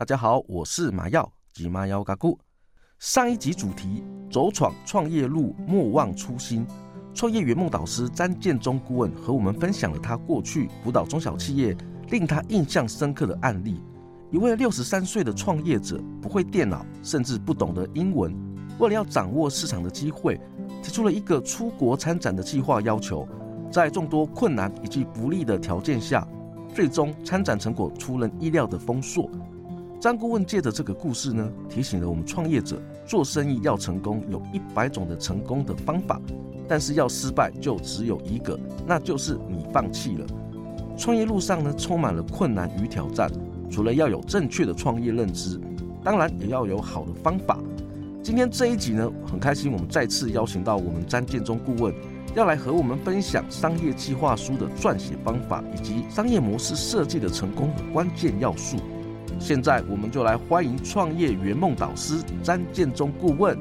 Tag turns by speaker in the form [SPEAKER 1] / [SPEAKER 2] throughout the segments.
[SPEAKER 1] 大家好，我是馬耀，即馬耀加古。上一集主題：走闖創業路，莫忘初心。創業圓夢導師詹健中顧問和我們分享了他過去輔導中小企業令他印象深刻的案例。一位六十三歲的創業者不會電腦，甚至不懂得英文，為了要掌握市場的機會，提出了一個出國參展的計劃要求。在眾多困難以及不利的條件下，最終參展成果出人意料的豐碩。詹顧問借着這個故事呢，提醒了我們創業者做生意要成功，有一百種的成功的方法，但是要失敗就只有一個，那就是你放棄了。創業路上呢，充滿了困難與挑戰，除了要有正確的創業認知，當然也要有好的方法。今天這一集呢，很開心我們再次邀請到我們詹健中顧問，要來和我們分享商業計劃書的撰寫方法，以及商業模式設計的成功的關鍵要素。現在我們就來歡迎創業圓夢導師詹健中顧問。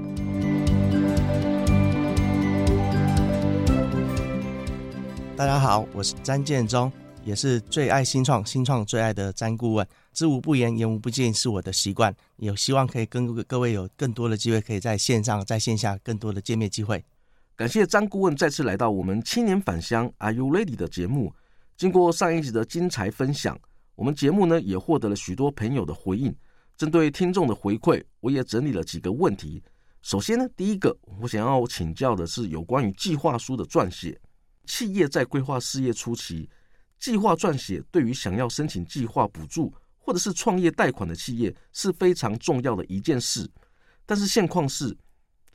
[SPEAKER 2] 大家好，我是詹健中，也是最愛新創、新創最愛的詹顧問。知無不言、言無不盡是我的習慣，也希望可以跟各位有更多的機會，可以在線上、在線下更多的見面機會。感謝詹顧問再次來
[SPEAKER 1] 到我們青年返鄉 Are You Ready 的節目。經過上一集的精彩分享，我們節目呢，也獲得了許多朋友的回應。針對聽眾的回饋，我也整理了幾個問題。首先呢，第一個我想要請教的是有關於計劃書的撰寫。企業在規劃事業初期，計劃撰寫對於想要申請計劃補助或者是創業貸款的企業是非常重要的一件事。但是現況是，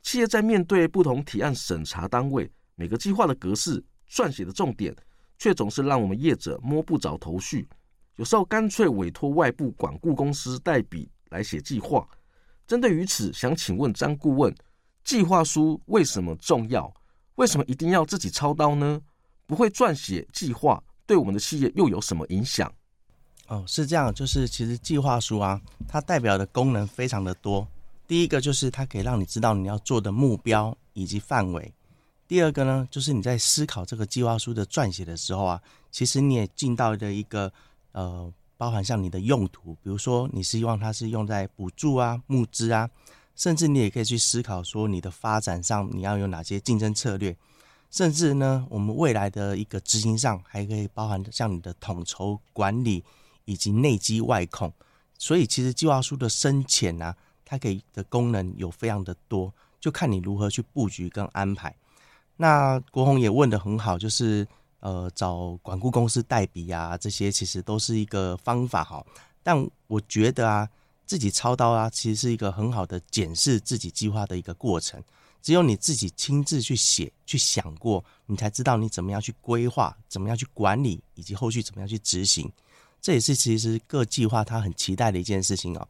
[SPEAKER 1] 企業在面對不同提案審查單位，每個計劃的格式撰寫的重點，卻總是讓我們業者摸不着頭緒。有時候乾脆委託外部管顧公司代筆來寫計劃。針對於此，想請問詹顧問，計劃書為什麼重要？為什麼一定要自己操刀呢？不會撰寫計劃對我們的企業又有什麼影響？
[SPEAKER 2] 哦，是這樣，就是其實計劃書啊，它代表的功能非常的多。第一個就是它可以讓你知道你要做的目標以及範圍。第二個呢，就是你在思考這個計劃書的撰寫的時候啊，其實你也進到了一個。呃，包含像你的用途，比如說你希望它是用在補助啊、募資啊，甚至你也可以去思考說你的發展上你要有哪些競爭策略，甚至呢，我們未來的一個執行上還可以包含像你的統籌管理以及內稽外控。所以其實計劃書的深淺啊，它給的功能有非常的多，就看你如何去布局跟安排。那國宏也問得很好，就是。呃，找管顧公司代筆啊，這些其實都是一個方法哈。但我覺得啊，自己操刀啊，其實是一個很好的檢視自己計劃的一個過程。只有你自己親自去寫、去想過，你才知道你怎麼樣去規劃、怎麼樣去管理，以及後續怎麼樣去執行。這也是其實各計劃他很期待的一件事情哦。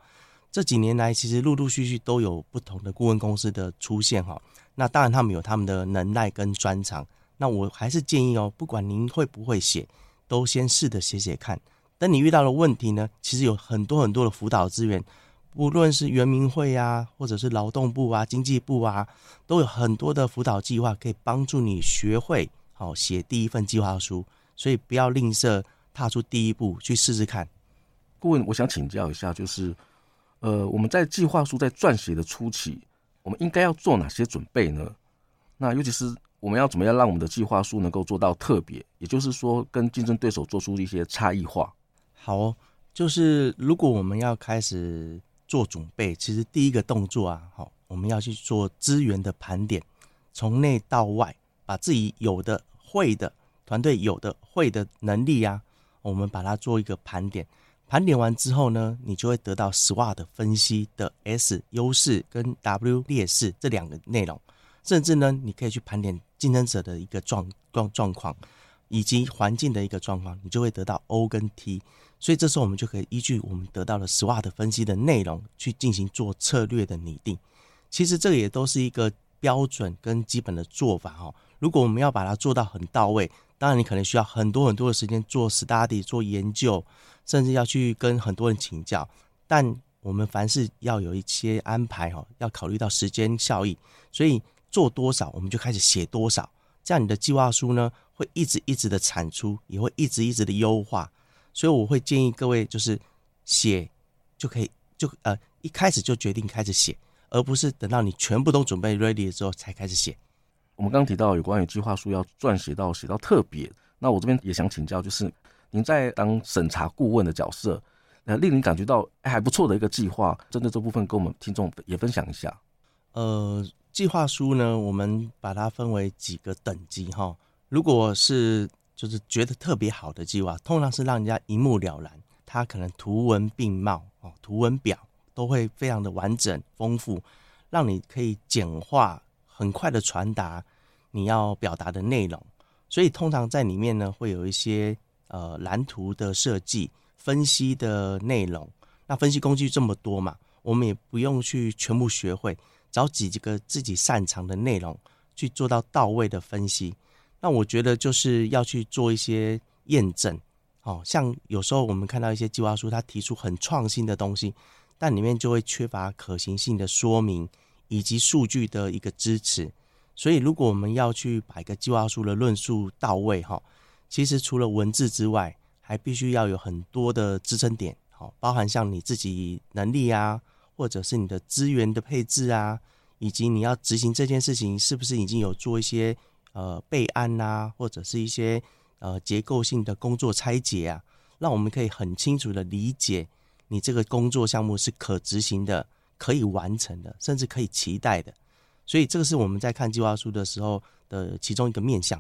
[SPEAKER 2] 這幾年來，其實陸陸續續都有不同的顧問公司的出現哈。那當然，他們有他們的能耐跟專長。那我還是建議哦，不管您會不會寫，都先試着寫寫看。等你遇到了問題呢，其實有很多很多的輔導資源，不論是原民會啊，或者是勞動部啊、經濟部啊，都有很多的輔導計劃可以幫助你學會好、哦、寫第一份計劃書。所以不要吝嗇，踏出第一步去試試看。顧問，我想請教一下，就是，呃，我們在計劃書在撰寫的初
[SPEAKER 1] 期，我們應該要做哪些準備呢？那尤其是。我們要怎麼樣讓我們的計劃書能夠做到特別？也就是說，跟競爭對手做出一些差異化。好
[SPEAKER 2] 哦，就是如果我們要開始做準備，其實第一個動作啊，好，我們要去做資源的盤點，從內到外，把自己有的會的團隊有的會的能力呀、啊，我們把它做一個盤點。盤點完之後呢，你就會得到 SWOT 分析的 S 優勢跟 W 劣勢這兩個內容，甚至呢，你可以去盤點。競爭者的一個狀狀狀況，以及環境的一個狀況，你就會得到 O 跟 T。所以這時候我們就可以依據我們得到的 SWOT 分析的內容去進行做策略的擬定。其實這也都是一個標準跟基本的做法哈。如果我們要把它做到很到位，當然你可能需要很多很多的時間做 study 做研究，甚至要去跟很多人請教。但我們凡事要有一些安排哈，要考慮到時間效益，所以。做多少，我們就開始寫多少，這樣你的計劃書呢，會一直一直的產出，也會一直一直的優化。所以我會建議各位，就是寫就可以，就呃一開始就決定開始寫，而不是等到你全部都準備 ready 了之後才開始寫。我們剛提到有關於計劃書要
[SPEAKER 1] 撰寫到寫到特別，那我這邊也想請教，就是您在當審查顧問的角色，那令您感覺到、哎、還不錯的一個計劃，針對這部分跟我們聽眾也分享一下。
[SPEAKER 2] 呃。計劃書呢，我們把它分為幾個等級哈。如果是就是覺得特別好的計劃，通常是讓人家一目了然，它可能圖文並茂哦，圖文表都會非常的完整豐富，讓你可以簡化很快的傳達你要表達的內容。所以通常在裡面呢，會有一些呃藍圖的設計、分析的內容。那分析工具這麼多嘛，我們也不用去全部學會。找幾個自己擅長的內容去做到到位的分析，那我覺得就是要去做一些驗證，哦，像有時候我們看到一些計劃書，它提出很創新的東西，但裡面就會缺乏可行性的說明以及數據的一個支持。所以，如果我們要去把一個計劃書的論述到位，哈、哦，其實除了文字之外，還必須要有很多的支撐點，好、哦，包含像你自己能力啊。或者是你的資源的配置啊，以及你要執行這件事情，是不是已經有做一些呃備案啊，或者是一些呃結構性的工作拆解啊，讓我們可以很清楚的理解你這個工作項目是可執行的、可以完成的，甚至可以期待的。所以這個是我們在看計劃書的時候的其中一個面向。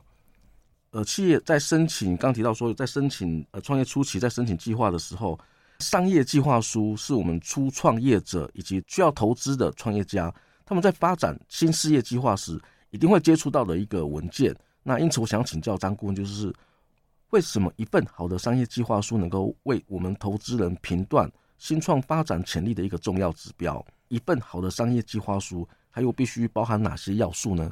[SPEAKER 1] 呃，企業在申請，剛提到說，在申請呃創業初期，在申請計劃的時候。商業計劃書是我們初創業者以及需要投資的創業家他們在發展新事業計劃時一定會接觸到的一個文件。那因此，我想請教詹顧問，就是為什麼一份好的商業計劃書能夠為我們投資人評斷新創發展潛力的一個重要指標？一份好的商業計
[SPEAKER 2] 劃書，它又必須包含哪些要素呢？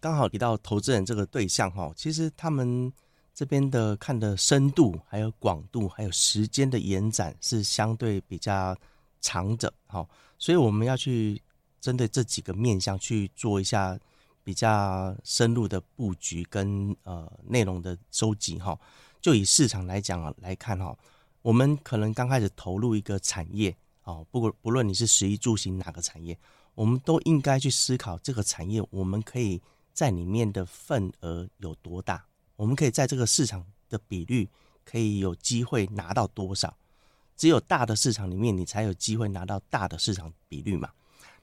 [SPEAKER 2] 剛好提到投資人這個對象哈，其實他們。這邊的看的深度，還有廣度，還有時間的延展是相對比較長者，哈，所以我們要去針對這幾個面向去做一下比較深入的布局跟呃內容的收集，哈。就以市場來講啊，來看哈，我們可能剛開始投入一個產業，哦，不不論你是食衣住行哪個產業，我們都應該去思考這個產業我們可以在裡面的份額有多大。我們可以在這個市場的比率可以有機會拿到多少？只有大的市場裡面，你才有機會拿到大的市場比率嘛。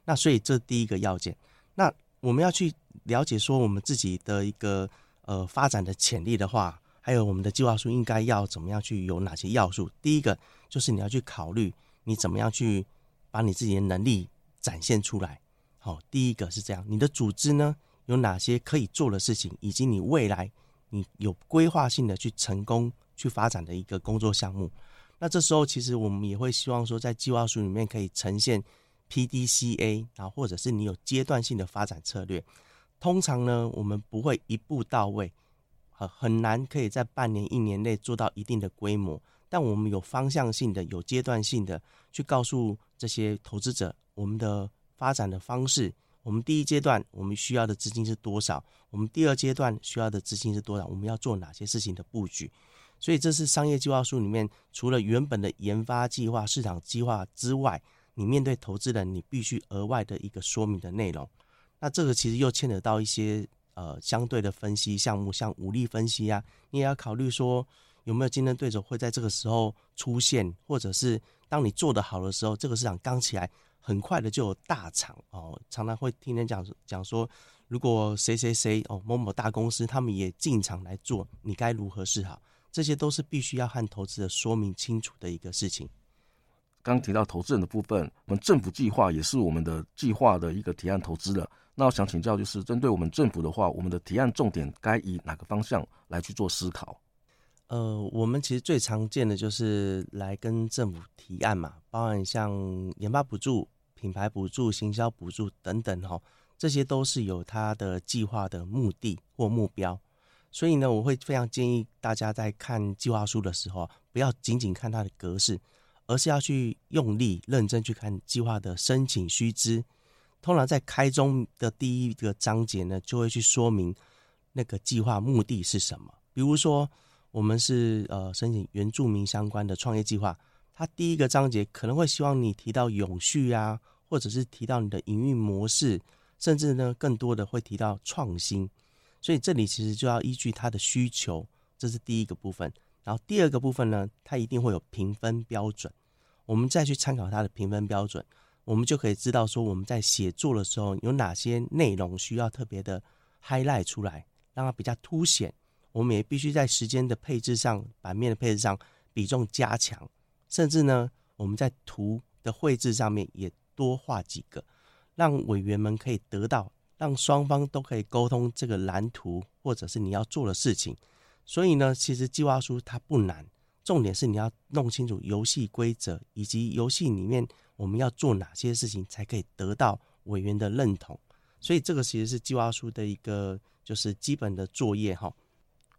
[SPEAKER 2] 那所以這第一個要件。那我們要去了解說我們自己的一個呃發展的潛力的話，還有我們的計劃書應該要怎麼樣去有哪些要素？第一個就是你要去考慮你怎麼樣去把你自己的能力展現出來。好、哦，第一個是這樣。你的組織呢，有哪些可以做的事情，以及你未來。你有規劃性的去成功去發展的一個工作項目，那這時候其實我們也會希望說，在計劃書裡面可以呈現 PDCA，啊，或者是你有階段性的發展策略。通常呢，我們不會一步到位，很很難可以在半年一年內做到一定的規模，但我們有方向性的，有階段性的去告訴這些投資者我們的發展的方式。我們第一階段我們需要的資金是多少？我們第二階段需要的資金是多少？我們要做哪些事情的布局？所以這是商業計劃書裡面除了原本的研發計劃、市場計劃之外，你面對投資人你必須額外的一個說明的內容。那這個其實又牽扯到一些呃相對的分析項目，像五力分析啊，你也要考慮說有沒有競爭對手會在這個時候出現，或者是當你做得好的時候，這個市場剛起來。很快的就有大廠哦，常常會聽人講講說，如果誰誰誰哦，某某大公司他們也進場來做，你該如何是好？這些都是必須要和投資者說明清楚的一個事情。
[SPEAKER 1] 剛提到投資人的部分，我們政府計劃也是我們的計劃的一個提案投資的。那我想請教，就是針對我們政府的話，我們的提案重點該以哪個方向來去做思考？
[SPEAKER 2] 呃，我們其實最常見的就是來跟政府提案嘛，包含像研發補助。品牌補助、行銷補助等等，哈，這些都是有它的計劃的目的或目標。所以呢，我會非常建議大家在看計劃書的時候，不要僅僅看它的格式，而是要去用力、認真去看計劃的申請須知。通常在開中的第一個章節呢，就會去說明那個計劃目的是什麼。比如說，我們是呃申請原住民相關的創業計劃。它第一個章節可能會希望你提到永續啊，或者是提到你的營運模式，甚至呢，更多的會提到創新。所以這裡其實就要依據它的需求，這是第一個部分。然後第二個部分呢，它一定會有評分標準，我們再去參考它的評分標準，我們就可以知道說我們在寫作的時候有哪些內容需要特別的 highlight 出來，讓它比較凸顯。我們也必須在時間的配置上、版面的配置上比重加強。甚至呢，我們在圖的繪製上面也多畫幾個，讓委員們可以得到，讓雙方都可以溝通這個藍圖，或者是你要做的事情。所以呢，其實計劃書它不難，重點是你要弄清楚遊戲規則，以及遊戲裡面我們要做哪些事情才可以得到委員的認同。所以這個其實是計劃書的一個就是基本的作業哈。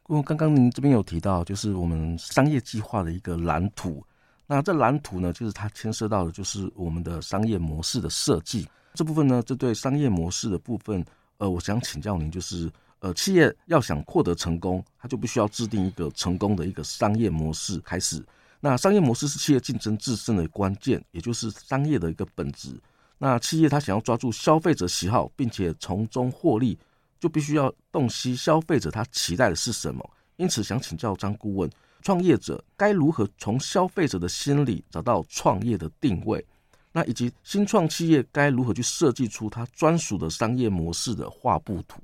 [SPEAKER 2] 不
[SPEAKER 1] 過剛剛您這邊有提到，就是我們商業計劃的一個藍圖。那這藍圖呢，就是它牽涉到的，就是我們的商業模式的設計這部分呢。這對商業模式的部分，呃，我想請教您，就是呃，企業要想獲得成功，它就必須要制定一個成功的一個商業模式開始。那商業模式是企業競爭制勝的關鍵，也就是商業的一個本質。那企業它想要抓住消費者喜好，並且從中獲利，就必須要洞悉消費者他期待的是什麼。因此，想請教詹顧問。創業者該如何從消費者的心理找到創業的定位？那以及新創企業該如何去設計出
[SPEAKER 2] 它專屬的商業模式的畫布圖？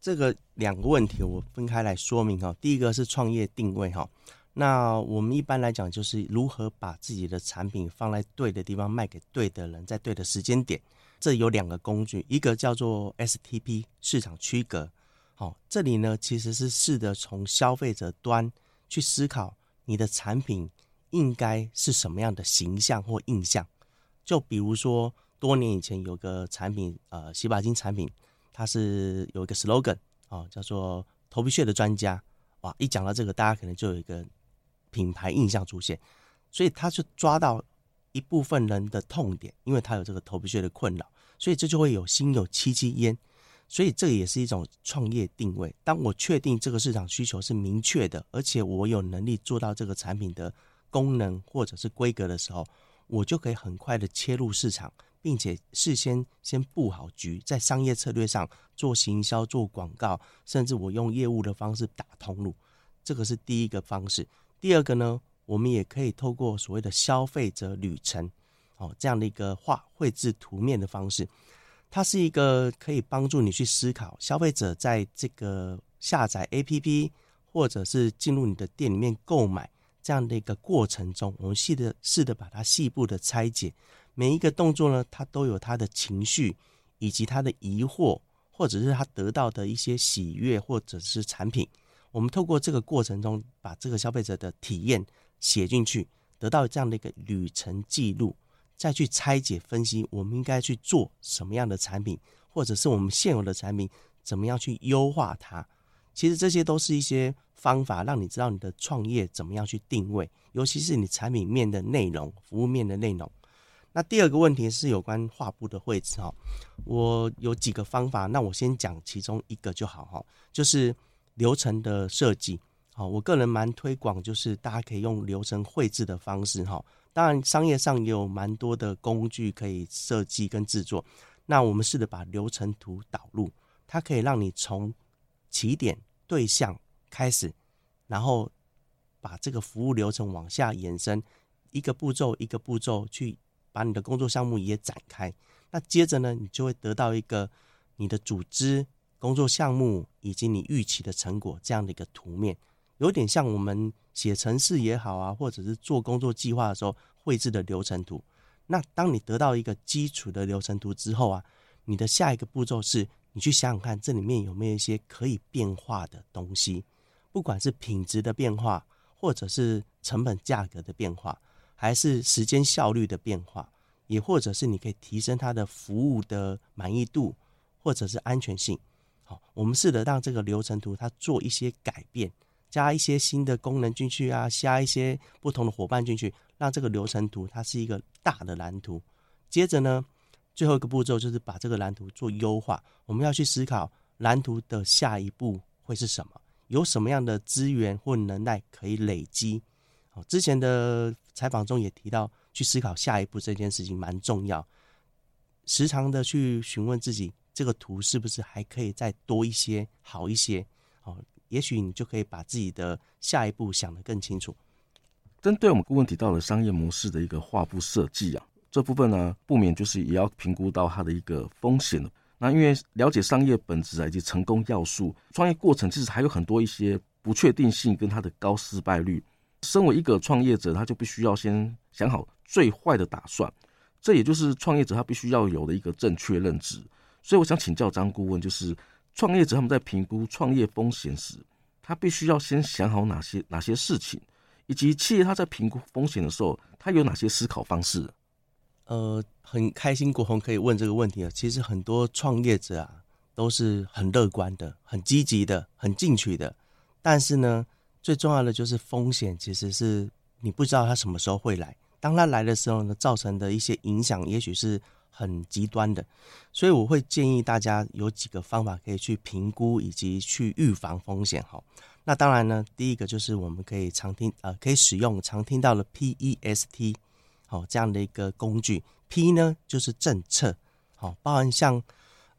[SPEAKER 2] 這個兩個問題我分開來說明啊。第一個是創業定位哈，那我們一般來講就是如何把自己的產品放在對的地方，賣給對的人，在對的時間點。這有兩個工具，一個叫做 STP 市場區隔。好，這裡呢其實是試着從消費者端。去思考你的產品應該是什麼樣的形象或印象，就比如說，多年以前有個產品，呃，洗髮精產品，它是有一個 slogan 啊、哦，叫做“頭皮屑的專家”，哇，一講到這個，大家可能就有一個品牌印象出現，所以他就抓到一部分人的痛點，因為他有這個頭皮屑的困擾，所以這就會有心有戚戚焉。所以這也是一種創業定位。當我確定這個市場需求是明確的，而且我有能力做到這個產品的功能或者是規格的時候，我就可以很快的切入市場，並且事先先布好局，在商業策略上做行銷、做廣告，甚至我用業務的方式打通路。這個是第一個方式。第二個呢，我們也可以透過所謂的消費者旅程，哦，這樣的一個畫繪制圖面的方式。它是一個可以幫助你去思考消費者在這個下載 APP 或者是進入你的店裡面購買這樣的一個過程中，我們試着試着把它細部的拆解，每一個動作呢，它都有它的情緒，以及它的疑惑，或者是它得到的一些喜悅，或者是產品。我們透過這個過程中，把這個消費者的體驗寫進去，得到這樣的一個旅程記錄。再去拆解分析，我們應該去做什麼樣的產品，或者是我們現有的產品怎麼樣去優化它？其實這些都是一些方法，讓你知道你的創業怎麼樣去定位，尤其是你產品面的內容、服務面的內容。那第二個問題是有關畫布的繪製哈，我有幾個方法，那我先講其中一個就好哈，就是流程的設計。好，我個人蠻推廣，就是大家可以用流程繪製的方式哈。當然，商業上也有蠻多的工具可以設計跟制作。那我們試着把流程圖導入，它可以讓你從起點對象開始，然後把這個服務流程往下延伸，一個步驟一個步驟去把你的工作項目也展開。那接着呢，你就會得到一個你的組織工作項目以及你預期的成果這樣的一個圖面。有點像我們寫程式也好啊，或者是做工作計劃的時候繪製的流程圖。那當你得到一個基礎的流程圖之後啊，你的下一個步驟是，你去想想看，這裡面有沒有一些可以變化的東西，不管是品質的變化，或者是成本價格的變化，還是時間效率的變化，也或者是你可以提升它的服務的滿意度，或者是安全性。好，我們試着讓這個流程圖它做一些改變。加一些新的功能進去啊，加一些不同的夥伴進去，讓這個流程圖它是一個大的藍圖。接着呢，最後一個步驟就是把這個藍圖做優化。我們要去思考藍圖的下一步會是什麼？有什麼樣的資源或能耐可以累積？哦，之前的採訪中也提到，去思考下一步這件事情蠻重要。時常的去詢問自己，這個圖是不是還可以再多一些，好一些，哦。也許你就可以把自己的下一步想得更清楚。
[SPEAKER 1] 針對我們顧問提到的商業模式的一個畫布設計啊，這部分呢，不免就是也要評估到它的一個風險了。那因為了解商業本質啊，以及成功要素，創業過程其實還有很多一些不確定性跟它的高失敗率。身為一個創業者，他就必須要先想好最壞的打算，這也就是創業者他必須要有的一個正確認知。所以我想請教詹顧問，就是。創業者他們在評估創業風險時，他必須要先想好哪些哪些事情，以及企業他在評估風險的時候，
[SPEAKER 2] 他有哪些思考方式？呃，很開心國紅可以問這個問題啊。其實很多創業者啊都是很樂觀的、很積極的、很進取的。但是呢，最重要的就是風險，其實是你不知道它什麼時候會來。當他來的時候呢，造成的一些影響，也許是。很極端的，所以我會建議大家有幾個方法可以去評估以及去預防風險。哈，那當然呢，第一個就是我們可以常聽啊、呃，可以使用常聽到的 PEST，好、哦、這樣的一個工具。P 呢就是政策，好、哦，包含像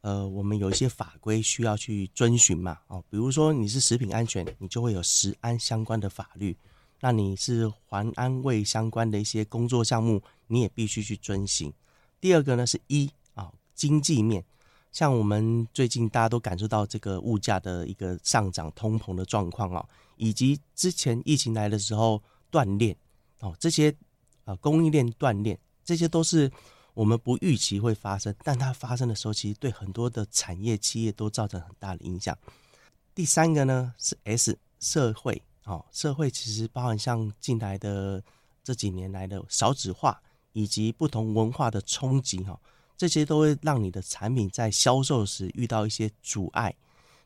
[SPEAKER 2] 呃我們有一些法規需要去遵循嘛，哦，比如說你是食品安全，你就會有食安相關的法律，那你是環安衛相關的一些工作項目，你也必須去遵循。第二個呢是 E 啊、哦、經濟面，像我們最近大家都感受到這個物價的一個上漲、通膨的狀況啊、哦，以及之前疫情來的時候斷鏈，哦這些啊供應鏈斷鏈，這些都是我們不預期會發生，但它發生的時候，其實對很多的產業企業都造成很大的影響。第三個呢是 S 社會哦社會其實包含像近來的這幾年來的少子化。以及不同文化的衝擊，哈，這些都會讓你的產品在銷售時遇到一些阻礙，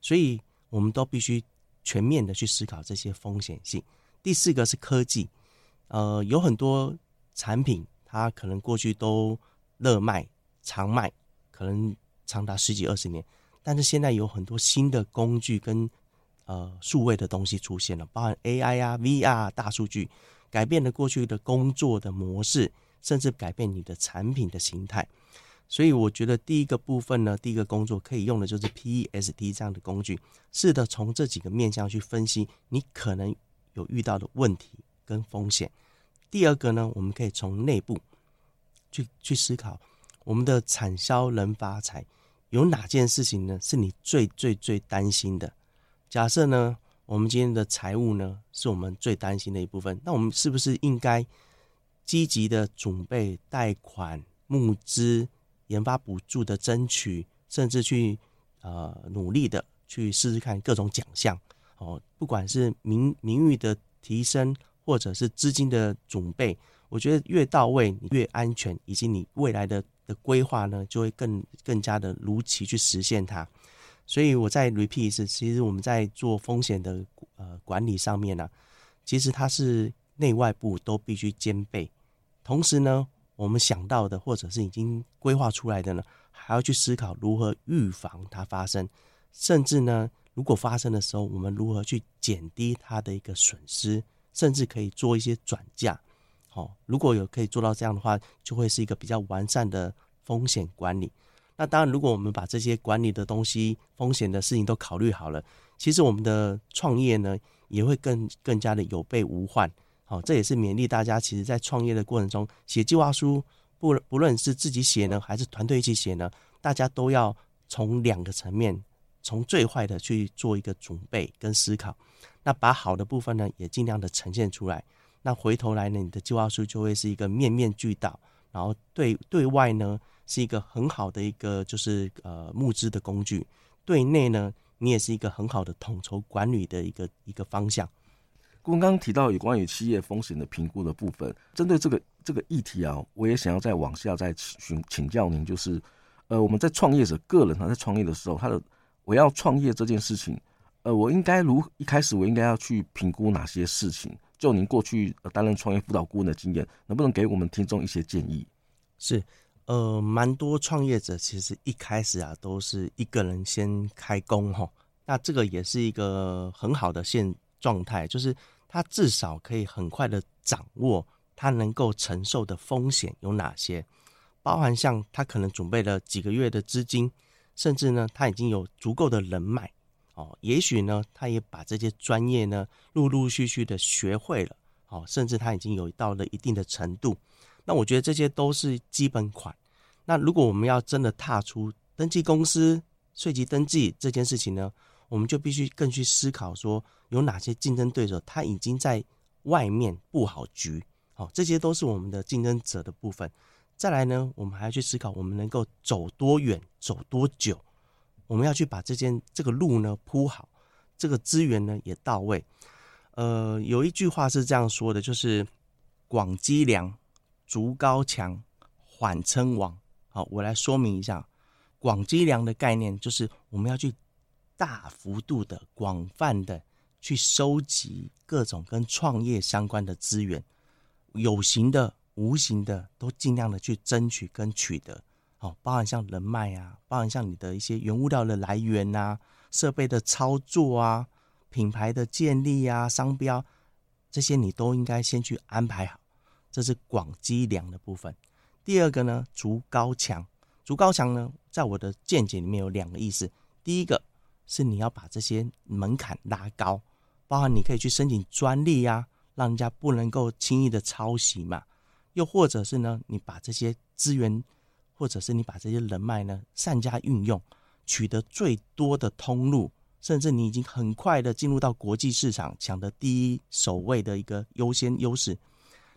[SPEAKER 2] 所以我們都必須全面的去思考這些風險性。第四個是科技，呃，有很多產品它可能過去都熱賣、常賣，可能長達十幾二十年，但是現在有很多新的工具跟呃數位的東西出現了，包含 AI 啊、VR、大數據，改變了過去的工作的模式。甚至改變你的產品的形態，所以我覺得第一個部分呢，第一個工作可以用的就是 PEST 這樣的工具，試着從這幾個面向去分析你可能有遇到的問題跟風險。第二個呢，我們可以從內部去去思考我們的產銷人發財，有哪件事情呢是你最最最擔心的？假設呢，我們今天的財務呢是我們最擔心的一部分，那我們是不是應該？積極的準備貸款、募資、研發補助的爭取，甚至去呃努力的去試試看各種獎項哦。不管是名名譽的提升，或者是資金的準備，我覺得越到位越安全，以及你未來的的規劃呢，就會更更加的如期去實現它。所以，我再 repeat 一次，其實我們在做風險的呃管理上面呢、啊，其實它是。內外部都必須兼備，同時呢，我們想到的或者是已經規劃出來的呢，還要去思考如何預防它發生，甚至呢，如果發生的時候，我們如何去減低它的一個損失，甚至可以做一些轉嫁。好、哦，如果有可以做到這樣的話，就會是一個比較完善的風險管理。那當然，如果我們把這些管理的東西、風險的事情都考慮好了，其實我們的創業呢，也會更更加的有備無患。哦，這也是勉勵大家，其實，在創業的過程中，寫計劃書，不不論是自己寫呢，還是團隊一起寫呢，大家都要從兩個層面，從最壞的去做一個準備跟思考，那把好的部分呢，也盡量的呈現出來。那回頭來呢，你的計劃書就會是一個面面俱到，然後對對外呢，是一個很好的一個就是呃募資的工具，對內呢你也是一個很好的統籌管理的一個一個方向。剛剛提到有關於企業風險的評估的部分，針對這
[SPEAKER 1] 個這個議題啊，我也想要再往下再請請教您，就是呃，我們在創業者個人啊，在創業的時候，他的我要創業這件事情，呃，我應該如一開始我應該要去評估哪些事情？就您過去，呃，擔任創業輔導顧問的經驗，能
[SPEAKER 2] 不能給我們聽
[SPEAKER 1] 眾一些建議？
[SPEAKER 2] 是，呃，蠻多創業者其實一開始啊，都是一個人先開工吼，那這個也是一個很好的現狀態，就是。他至少可以很快的掌握他能夠承受的風險有哪些，包含像他可能準備了幾個月的資金，甚至呢他已經有足夠的人脈哦，也許呢他也把這些專業呢陸陸續續的學會了，哦，甚至他已經有到了一定的程度，那我覺得這些都是基本款。那如果我們要真的踏出登記公司，稅籍登記這件事情呢，我們就必須更去思考，說有哪些競爭對手，他已經在外面布好局，好，這些都是我們的競爭者的部分。再來呢，我們還要去思考，我們能夠走多遠，走多久，我們要去把這件這個路呢鋪好，這個資源呢也到位。呃，有一句話是這樣說的，就是“廣積糧，築高牆，緩稱王”。好，我來說明一下，“廣積糧”的概念就是我們要去。大幅度的、廣泛的去收集各種跟創業相關的資源，有形的、無形的都盡量的去爭取跟取得，哦，包含像人脈啊，包含像你的一些原物料的來源啊、設備的操作啊、品牌的建立啊、商標這些，你都應該先去安排好，這是廣積糧的部分。第二個呢，築高牆，築高牆呢，在我的見解裡面有兩個意思，第一個。是你要把這些門檻拉高，包含你可以去申請專利呀，啊，讓人家不能夠輕易的抄襲嘛。又或者是呢，你把這些資源，或者是你把這些人脈呢善加運用，取得最多的通路，甚至你已經很快的進入到國際市場，搶得第一首位的一個優先優勢。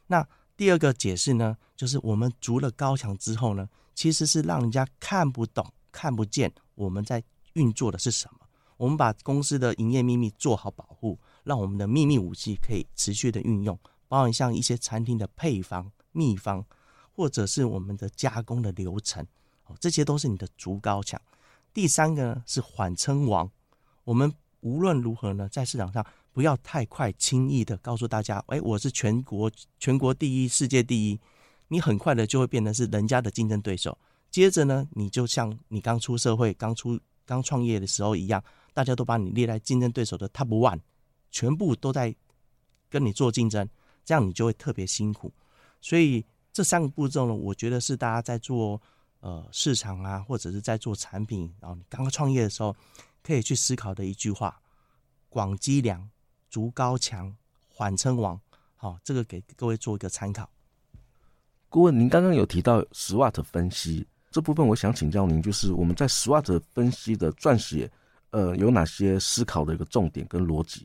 [SPEAKER 2] 那第二個解釋呢，就是我們築了高牆之後呢，其實是讓人家看不懂、看不見我們在運作的是什麼？我們把公司的營業秘密做好保護，讓我們的秘密武器可以持續的運用，包括像一些餐廳的配方、秘方，或者是我們的加工的流程，哦，這些都是你的築高牆。第三個呢是緩稱王，我們無論如何呢，在市場上不要太快、輕易的告訴大家，哎、欸，我是全國全國第一、世界第一，你很快的就會變成是人家的競爭對手。接着呢，你就像你剛出社會、剛出。剛創業的時候一樣，大家都把你列在競爭對手的 top one，全部都在跟你做競爭，這樣你就會特別辛苦。所以這三個步驟呢，我覺得是大家在做呃市場啊，或者是在做產品，然後你剛剛創業的時候可以去思考的一句話：廣積糧，築高牆，緩稱王。好、哦，這個給各位做一個參考。
[SPEAKER 1] 顧問，您剛剛有提到 SWOT 分析。這部分我想請教您，就是我們在 SWOT 分析的撰寫，呃，有哪些思考的一個重點跟邏輯？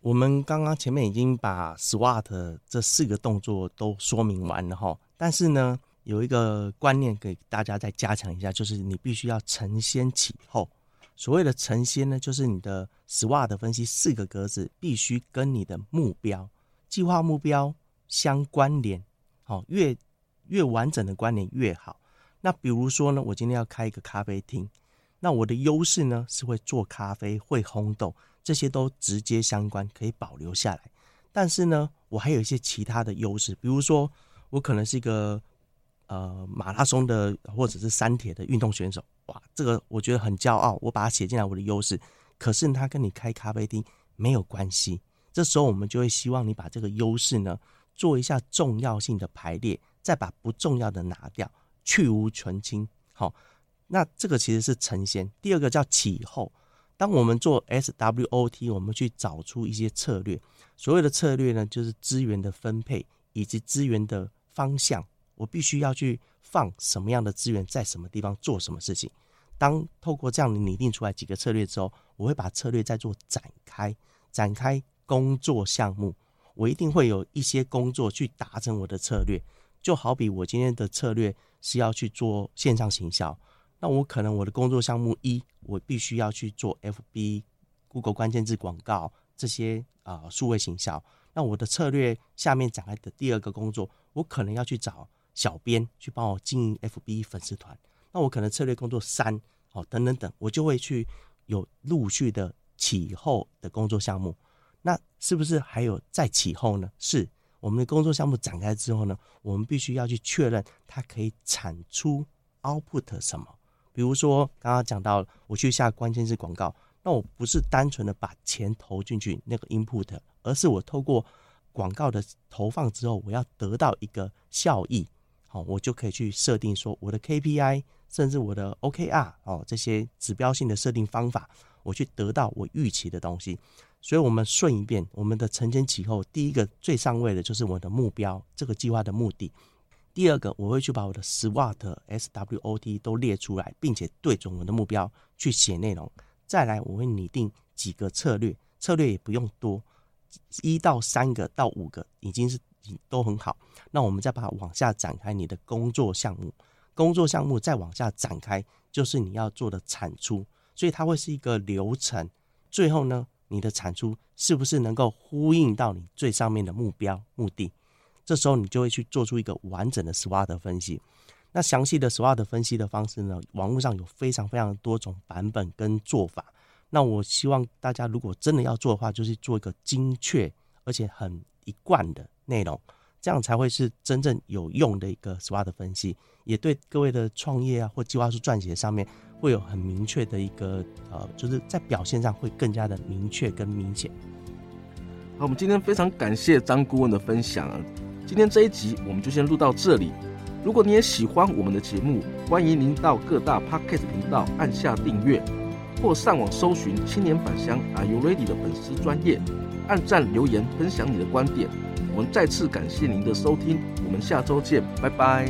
[SPEAKER 2] 我們剛剛前面已經把 SWOT 這四個動作都說明完了哈，但是呢，有一個觀念給大家再加強一下，就是你必須要承先啟後。所謂的承先呢，就是你的 SWOT 分析四個格子必須跟你的目標、計劃目標相關聯，好，越越完整的關聯越好。那比如說呢，我今天要開一個咖啡廳，那我的優勢呢是會做咖啡、會烘豆，這些都直接相關，可以保留下來。但是呢，我還有一些其他的優勢，比如說我可能是一個呃馬拉松的或者是三鐵的運動選手，哇，這個我覺得很驕傲，我把它寫進來我的優勢。可是他跟你開咖啡廳沒有關係，這時候我們就會希望你把這個優勢呢做一下重要性的排列，再把不重要的拿掉。去蕪存菁，好，那這個其實是承先，第二個叫啟後。當我們做 SWOT，我們去找出一些策略。所謂的策略呢，就是資源的分配以及資源的方向。我必須要去放什麼樣的資源在什麼地方做什麼事情。當透過這樣擬定出來幾個策略之後，我會把策略再做展開，展開工作項目。我一定會有一些工作去達成我的策略。就好比我今天的策略。是要去做線上行銷，那我可能我的工作項目一，我必須要去做 F B、Google 關鍵字廣告這些啊數位行銷。那我的策略下面展開的第二個工作，我可能要去找小編去幫我經營 F B 粉絲團。那我可能策略工作三，哦，等等等，我就會去有陸續的起後的工作項目。那是不是還有再起後呢？是。我們的工作項目展開之後呢，我們必須要去確認它可以產出 output 什麼？比如說剛剛講到，我去下關鍵字廣告，那我不是單純的把錢投進去那個 input，而是我透過廣告的投放之後，我要得到一個效益，好，我就可以去設定說我的 KPI，甚至我的 OKR，哦，這些指標性的設定方法，我去得到我預期的東西。所以，我們順一遍我們的承前啟後。第一個最上位的就是我的目標，這個計劃的目的。第二個，我會去把我的 SWOT, SWOT S W O T 都列出來，並且對準我的目標去寫內容。再來，我會擬定幾個策略，策略也不用多，一到三個到五個已經是都很好。那我們再把它往下展開，你的工作項目，工作項目再往下展開就是你要做的產出。所以，它會是一個流程。最後呢？你的產出是不是能夠呼應到你最上面的目標目的？這時候你就會去做出一個完整的 SWOT 分析。那詳細的 SWOT 分析的方式呢？網絡上有非常非常多種版本跟做法。那我希望大家如果真的要做的話，就是做一個精確而且很一貫的內容，這樣才會是真正有用的一個 SWOT 分析，也對各位的創業啊或計劃書撰寫上面。會有很明確的一個呃，就是在表現上會更加的明確跟明顯。
[SPEAKER 1] 好，我們今天非常感謝詹顧問的分享。今天這一集我們就先錄到這裡。如果你也喜歡我們的節目，歡迎您到各大 Podcast 頻道按下訂閱，或上網搜尋“青年返鄉 Are You Ready” 的粉絲專頁，按讚留言分享你的觀點。我們再次感謝您的收聽，我們下周見，拜拜。